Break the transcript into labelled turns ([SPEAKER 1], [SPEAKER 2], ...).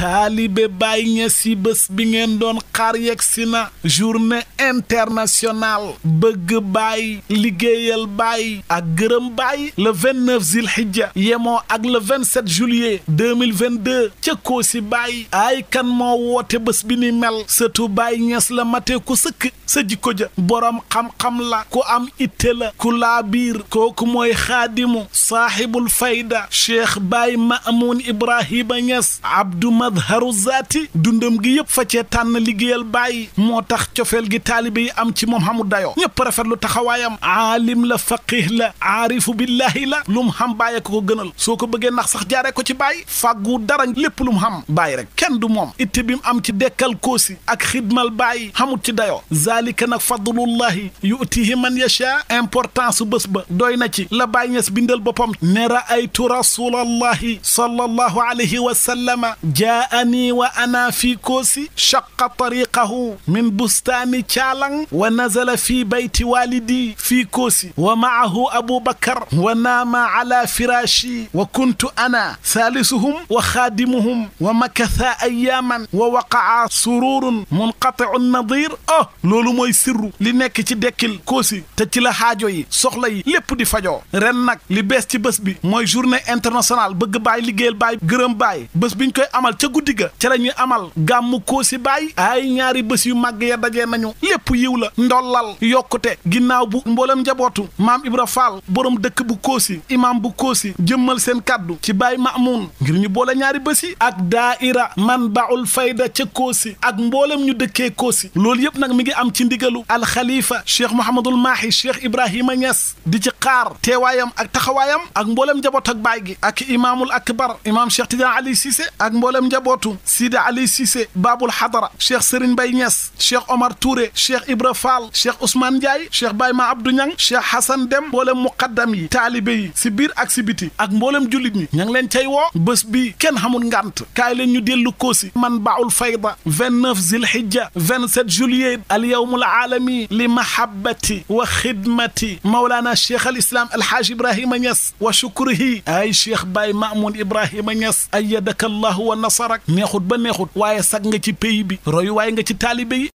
[SPEAKER 1] taalibe bàyyi Ñas yi bés bi ngeen doon xaar yegg si na journée internationale bëgg bàyyi liggéeyal bàyyi ak gërëm Baay le 29 Zilhijja yemoo ak le 27 juillet 2022 ca Koosi Baay ay kan moo woote bés bi ni mel sëtu bàyyi Ñas la mate ku sëkk sa ko ja boroom xam-xam la ku am itte la ku laa kooku mooy xaadimu saaxibul fayda Cheikh Baay Maamoun Ibrahima Ñas Abdou mazharu zaati dundam gi yëpp fa cee tànn liggéeyal bàyyi moo tax cofeel gi taalibe yi am ci moom xamul dayoo ñëpp rafetlu taxawaayam aalim la faqih la aarifu billahi la lu mu xam bàyyi ko ko gënal soo ko bëggee ndax sax jaaree ko ci bàyyi fàggu dara lépp lu mu xam bàyyi rek kenn du moom itte bi mu am ci dekkal koosi ak xidmal bàyyi xamut ci dayoo zalika nag fadlullahi yutihi man yacha importance bés ba doy na ci la bàyyi ñes bindal boppam ne raaytu rasulallahi sallallahu alayhi wa sallama ja jaani wa ana fi koosi chaqa tariqahu min bustaani caalan wa nazala fi bayti walidi fi koosi wa maahu aboubakar wa naama ala firaashi wa kuntu ana salisuhum wa xaadimuhum wa makatha ayaaman wa waqaa sururun munqatiu nadir oh loolu mooy sirru li nekk ci dekkil koosi te ci la xaajo yi soxla yi lépp di fajoo ren nag li bees ci bés bi mooy journée internationale bëgg baay liggéeyal baay gërëm baay bés biñ koy amal ca guddi ga ca la ñuy amal gàmmu koo si bàyyi ay ñaari bés yu màgg ya nañu lépp yiw la ndollal yokkute ginnaaw bu mboolem njabootu maam Ibra Fall borom dëkk bu koosi imaam bu koosi jëmmal seen kàddu ci Baye Mamoun ngir ñu boole ñaari bés yi ak daaira man baul fayda ca koosi ak mboolem ñu dëkkee koosi loolu yëpp nag mi ngi am ci ndigalu alxalifa cheikh Mouhamadul Mahi cheikh Ibrahima Niass di ci xaar teewaayam ak taxawaayam ak mboolem njaboot ak baay gi ak imaamul akbar imaam cheikh Tidiane Ali Cissé ak mboolem njaboot njabootu Sida Ali Cissé Babul Hadara Cheikh Serigne Mbaye Niass Cheikh Omar Touré Cheikh Ibra Fall Cheikh Ousmane Ndiaye Cheikh Baye Ma Abdou Niang Cheikh Hassan Dem mboolem muqaddam yi taalibe yi si biir ak si ak mboolem jullit ñi ña ngi leen cay woo bés bi kenn xamul ngànt kaay leen ñu dellu koosi man baul fayda 29 zilhijja 27 juillet al yawmul aalami li mahabbati wa xidmati mawlaana cheikh al islam alhaaj ibrahima Niass wa shukrihi ay cheikh Baye Mamoun Ibrahima Niass ayyadaka allahu wa nasr sarak neexut ba neexut waaye sag nga ci pays bi royu waaye nga ci taalibe yi